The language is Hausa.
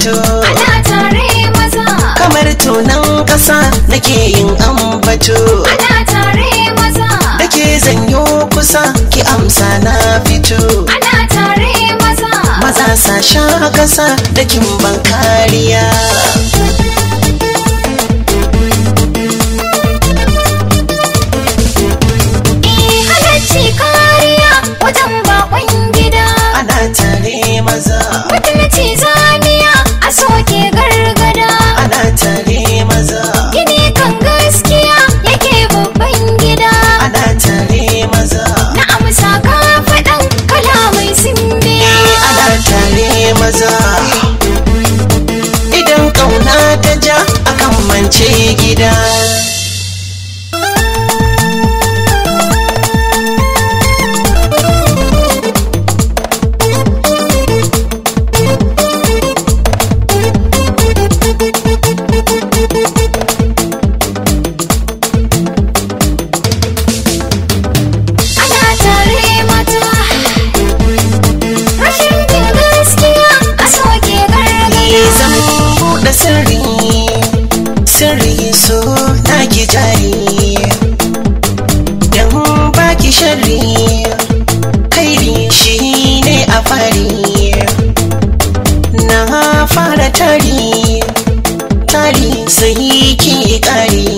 fito ana tare maza kamar tunan kasa nake yin ambato ana tare maza dake zanyo kusa ki amsa na fito ana tare maza maza sasha ƙasa dakin ban kariya eh, tare maza da sirri sirri so na ki jari dan baki sharri kairi shi ne a fari na fara tari tari sai ki kari